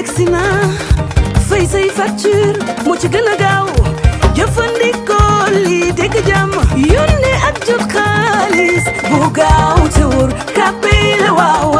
yegsi na fay say facture moo ci gën a gaaw jëfandikoo lii dégg jàmm yónnee jot xaalis bu gaaw te wóor kàppee la waaw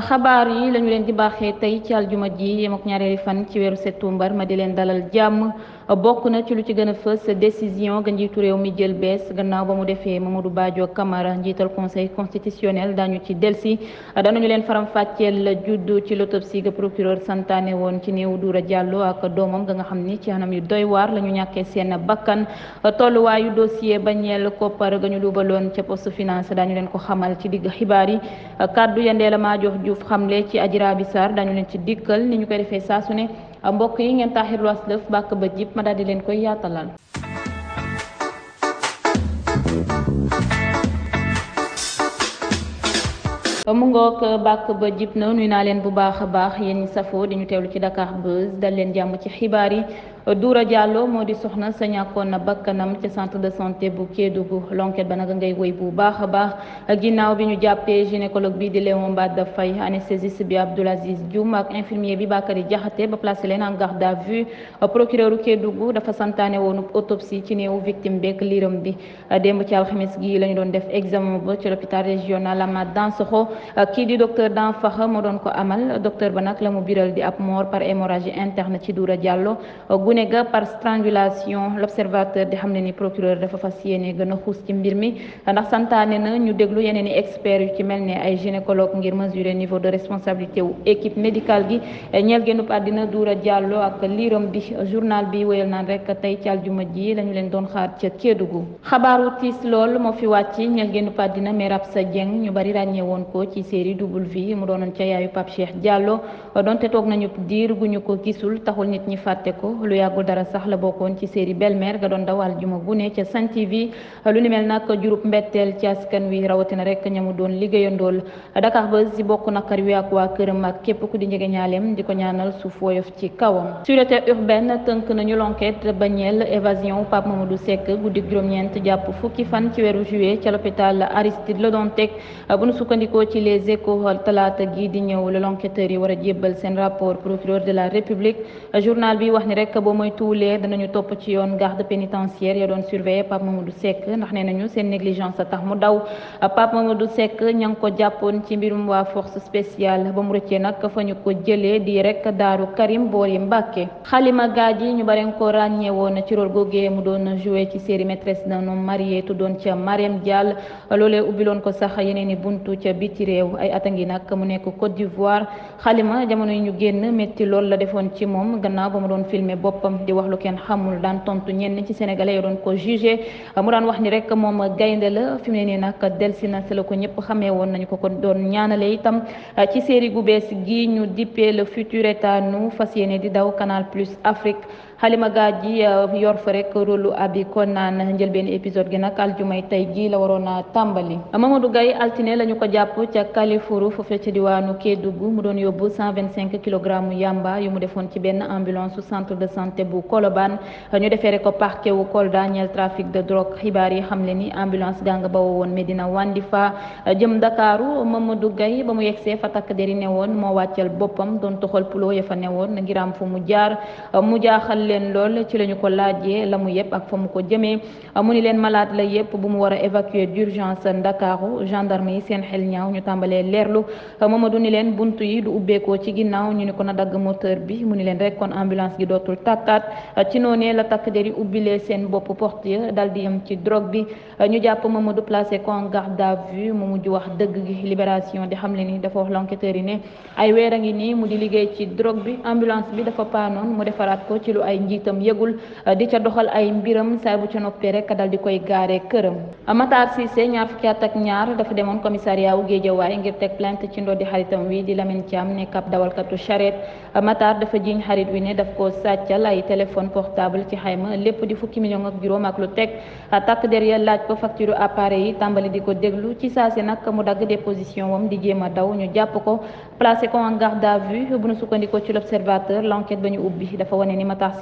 xabaar yi lañu leen di baaxee tey ci aljuma ji yem ak ñaareeli fan ci weeru septembre ma di leen dalal jàmm bokk na ci lu ci gën a fës décision ga njiitu réew mi jël bees gannaaw ba mu defee ma du Badio kamara njiital conseil constitutionnel daañu ci delsi danañu leen faram fàcceel la juddu ci l'autopsie ga procureur santaane woon ci néewu Doura Diallo ak doomam ga nga xam ni ci anam yu doy waar la ñu ñàkkee seen bakkan tolluwaayu dossier ba ñeel koppar ga ñu luubaloon ca poste finance daañu leen ko xamal ci digg xibaar yi Diouf xamle ci Adji Raby dañu leen ci dikkal ni ñu koy defee saa su ne mbokk yi ngeen taaxirlu as lëf bàkk bët yëpp ma daal di leen koy yaatalal. mu ngoog bàkk ba jib na nuyu naa leen bu baax a baax yenn safoo di ñu ci dakaar Buzz dal leen jàmm ci xibaar yi. Doura Diallo moo di soxna sa ñàkkoon na bakkanam ca centre de santé bu Kédougou l'enquête ba nag ngay woy bu baax a baax ginnaaw bi ñu jàppee gynécologue bi di Léon Mbada Faye anesthésiste bi Abdoul Aziz Dioum ak infirmier bi Bakary Diakhaté ba placé leen en garde à vue procureur u Kédougou dafa santaane woonu autopsie ci néewu victime beek liiram bi démb ci alxames gi la ñu doon def examen ba ci l'hôpital régional Amath Dansokho kii di docteur Danfakha moo doon ko amal docteur ba nag la mu biral di ab mort par hémorragie interne ci Doura Diallo gune ga par strangulation l'observateur di xam ne ni procureur dafa fas yéene gën a xuus ci mbir mi ndax santaane na ñu déglu yeneen i yu ci mel ne ay gynécologue ngir mesurer niveau de responsabilité wu équipe médicale gi ñeel génnub àddina Doura Diallo ak liiram bi journal bi wéyal naan rek tey ci aljuma ji lañu leen doon xaar ca Kédougou xabaaru tiis lool moo fi wàcc ñeel génnub àddina Mère sa Dieng ñu bari ràññee woon ko ci série double vie mu doonoon ca yaayu Pape Cheikh Diallo donte toog yàggul dara sax la bokkoon ci série belle-mère ga doon dawal juma bu ne ca Sen TV lu ni mel nag jurub mbetteel ci askan wi rawatina rek ñamu doon liggéeyandool Dakar ba si bokk nakar wi ak waa këram ak képp ku di njege ñaaleem di ko ñaanal suuf woyof ci kawam sûreté urbaine tënk nañu l'enquête ba ñeel évasion Pape Mamadou Seck guddik juróom-ñeent jàpp fukki fan ci weeru juillet ca l'hôpital Aristide Le Dantec bu nu sukkandikoo ci les échos talaata gi di ñëw la yi a jébbal seen rapport boo moytuwulee danañu topp ci yoon garde pénitentiaire ya doon surveiller Pape Mamadou Seck ndax nee nañu seen négligence a tax mu daw Pape Mamadou Seck ña ngi ko jàppoon ci mbirum waa force spéciale ba mu rëccee nag fa ñu ko jëlee di rek daaru Karim boori Mbàkke xalima gaaj yi ñu bareen ko ràññee woon ci rôle googee mu doon joué ci série maîtresse d'un homme marié tuddoon ca Marème Dial loolee ubbiloon ko sax yeneen i buntu ca biti réew ay at a ngi nag mu nekk Côte d'Ivoire xalima jamono yi boppam di wax lu kenn xamul daan tontu ñenn ci sénégalais yi doon ko jugé mu daan wax ni rek moom gaynde la fi mu ne nii nag delsi na sela ko ñëpp xamee woon nañu ko ko doon ñaanale itam ci série gu bees gi ñu dippee la futur état nu fas yéene di daw Canal Plus Afrique Halima Gadji ji euh, yor fa rek rôlu abi kon naan njëlbeen épisode gi nag aljumay tey ji la waroon a tàmbali Mamadou Gaye altine la ñu ko jàpp ca Kalifouru foofu ca diwaanu Kédougou mu doon yóbbu 125 kilogramme yamba yu mu defoon ci benn ambulance centre de santé bu Colobane ñu defeere ko parquet wu kol ñeel trafic de drogue xibaar yi xam le ni ambulance gaa nga bawoo woon Medina fa jëm Ndakaaru ma Mamadou Gaye ba mu yegsee fa takk deri ne woon moo wàccal boppam doon toxal pulo ya fa ne woon ngir mu jaar jaaxal leen lool ci la ñu ko laajee la mu yëpp ak fa mu ko jëmee mu ni leen malade la yëpp bu mu war évacuer d'urgence Ndakaaru gendarme yi seen xel ñaaw ñu tàmbalee leerlu Mamadou ni leen bunt yi du ubbeekoo ci ginnaaw ñu ni ko na dagg moteur bi mu ni leen rek kon ambulance gi dootul tàkkaat ci noonee la takk der yi ubbilee seen bopp porte dal di am ci drogue bi ñu jàpp ma placé ko en garde à vue mu mujj wax dëgg gi libération di xam le ni dafa wax yi ne ay njiitam yëgul eh, di ca doxal ay mbiram saay bu ca noppee rek dal di koy gaare këram Matar Cissé ñaar fukki at ak ñaar dafa demoon commissariat wu Géejawaay ngir teg plainte ci ndoddi xaritam wi di Lamine Thiam nekk ab dawalkatu charrette eh, Matar dafa jiiñ xarit wi ne daf ko sàccal ay téléphone portable ci xayma lépp di fukki million ak juróom ak lu teg eh, takk der ya laaj ko facture appareil yi tàmbali di ko déglu ci saa si nag mu dagg déposition wam di jéem a daw ñu jàpp ko placé ko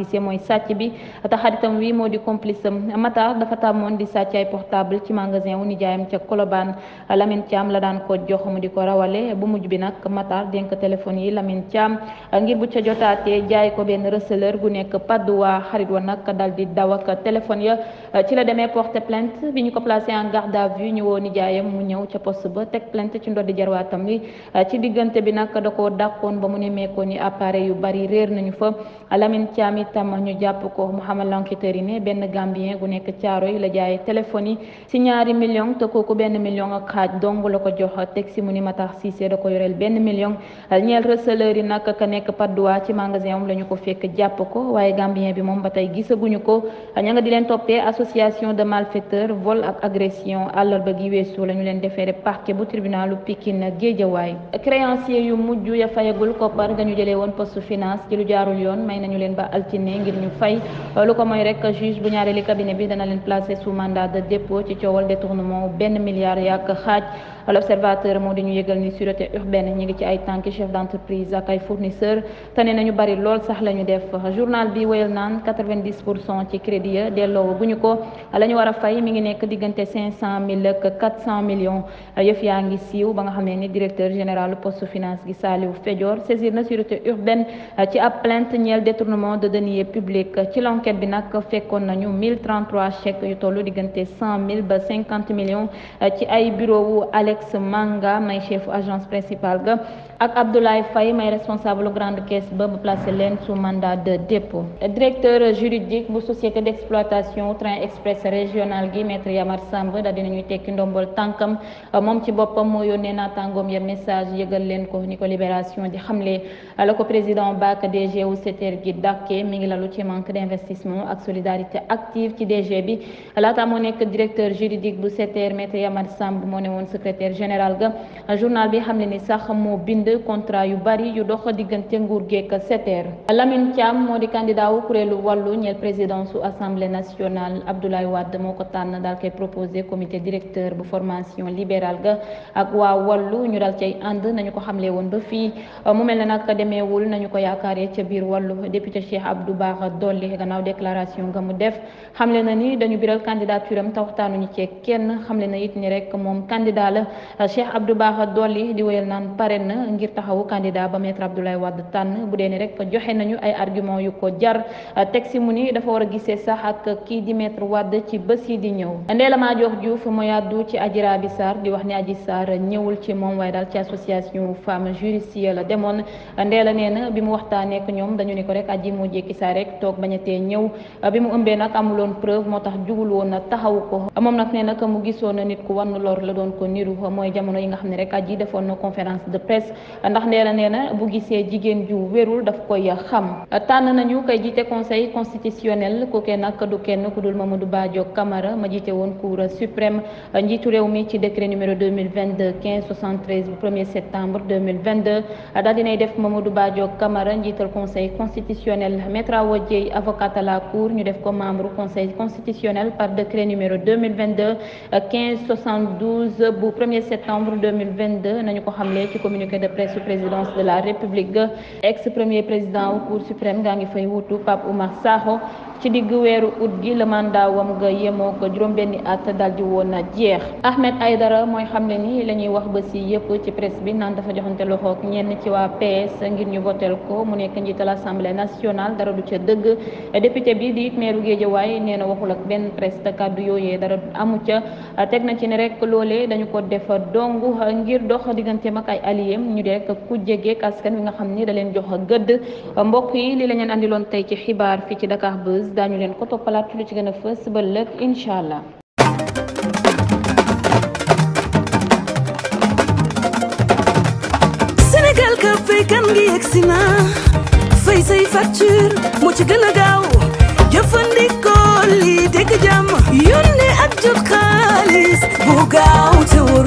Cissé mooy sàcc bi te xaritam wi moo di complice Matar dafa tàmmoon di sàcc ay portable ci magasin wu nijaayam ca Colobane Lamine Thiam la daan ko jox mu di ko rawale bu mujj bi nag Matar dénk téléphone yi Lamine Thiam ngir bu ca jotaatee jaay ko benn receleur gu nekk waa xarit wa nag dal di daw ak téléphone ya ci la demee porter plainte bi ñu ko placé en garde à vue ñu woo nijaayam mu ñëw ca poste ba teg plainte ci ndoddi jarwaatam wi ci diggante bi nag da koo dàqoon ba nag tam ñu jàpp ko mu xamal l'enquêteur yi ne benn gambien gu nekk caaro yi la jaay téléphone yi si ñaari million te kooku benn million ak xaaj dong la ko jox teg si mu ni Matar Cissé da ko yoreel benn million ñeel receleur yi nag ka nekk Padoa ci magasin am la ko fekk jàpp ko waaye gambien bi moom ba tey gisaguñu ko ña nga di leen toppee association de malfaiteurs vol ak agression àllarba gi weesu la ñu leen defeere parquet bu tribunalu Pikine Géejawaay créancier yu mujj ya fayagul koppar nga ñu jëlee woon poste finance ci lu altine ngir ñu fay euh, lu ko mooy rek juge bu ñaareeli cabinet bi dana leen placer sous mandat de dépôt ci coowal détournement benn milliard yàq xaaj l'observateur moo di ñu yëgal ni sûreté urbaine ñu ngi ci ay tànki chef d'entreprise ak ay fournisseur te nee nañu bari lool sax la def journal bi wéyal naan ci crédit ya delloo bu ñu ko la ñu war a fay mi ngi nekk diggante 500 yëf yaa ngi siiw ba nga xam ne ni directeur général poste finance gi Saliou deniers publics ci l'enquête bi nag fekkoon nañu 1033 chèques yu tollu diggante 100 000 ba 50 millions euh, ci ay bureau wu Alex Manga may chef agence principale ga ak Abdoulaye Faye may responsable grande caisse ba ba placé leen sous mandat de dépôt directeur juridique bu société d'exploitation train express régional gi maître Yamar Samb daal dinañuy tekki ndombol tànkam euh, moom ci boppam moo yónnee naataangoom ya message yëgal leen ko ni ko libération di xamle euh, la ko président BAC DG wu SETER gi ngi lalu ci manque d'investissement ak solidarité active ci DG bi laata moo nekk directeur juridique bu SETER maître Yamar Samb moo ne woon secrétaire général ga journal bi xam ne ni sax moo bind contrat yu bari yu dox diggante nguur geek SETER Lamine Thiam moo di candidat wu kuréelu wàllu ñeel présidence su assemblée nationale Abdoulaye Wade moo ko tànn daal koy proposé comité directeur bu formation libérale ga ak waa wàllu ñu daal cay ànd nañu ko xamle Abdou Bara Dolly gannaaw déclaration nga mu def xamle na ni dañu biral candidature am te waxtaanuñu ci kenn xamle na it ni rek moom candidat la Cheikh Abdou Bara Dolly di wéyal naan pare na ngir taxawu candidat ba maître Abdoulaye Wade tànn bu dee ni rek joxe nañu ay argument yu ko jar teg si mu ni dafa war a gisee sax ak kii di maître Wade ci bés yi di ñëw Ndella Madior Diouf mooy àddu ci Adji Raby Sarr di wax ni Adji Sarr ñëwul ci moom waaye daal ci association femme juriste la demoon Ndella nee na bi mu waxtaanee ak ñoom dañu ne ko rek aji moo jékki saa rek toog bañ a tee ñëw bi mu ëmbee nag amuloon preuve moo tax jugul woon na taxawu ko moom nag nee nag mu gisoon na nit ku wann lor la doon ko niru mooy jamono yi nga xam ne rek aji defoon na conférence de presse ndax nee na nee na bu gisee jigéen ju wérul daf koy xam tànn nañu koy jiite conseil constitutionnel kookee nag du kenn ku dul ma Mamadou Badio Camara ma jiite woon cour suprême njiitu réew mi ci décret numéro 2022 15 73 bu 1er septembre 2022 daal dinay def Mamadou Badio Camara njiital conseil constitutionnel Maître Awa Dieye avocate à la cour ñu def ko membre conseil constitutionnel par décret numéro 2022 1572 bu 1er septembre 2022 nañu ko xamle ci communiqué de presse présidence de la république ex premier président wu cour suprême ngaa ngi fay wutu Pape Oumar Sakho ci diggu weeru ut gi la mandat wam nga yemoo ko juróom-benni at dal di woon na jeex Ahmed dara mooy xam xamle ni la ñuy wax bës si yëpp ci presse bi naan dafa joxante loxoog ñenn ci waa PS ngir ñu voteel ko mu nekk njiital assemblée nationale dara du ca dëgg député bi di meeru Géejawaay nee na waxul ak benn presse te kàddu yooyee dara amu ca teg na ci ne rek loole dañu ko defa dong ngir dox digganteem ak ay alliés ñu de rek ku jege askan wi nga xam ni da leen jox gëdd mbokk yi li la ñu tey ci xibaar fii ci Dakar fës daañu leen ko toppalaat ci lu ci gën a fës ba lëg incha allah. Sénégal ka fay kan ngi yegg si na fay say facture mu ci gën a gaaw jëfandikoo lii dégg jàmm yónnee ak jot xaalis bu gaaw te wóor.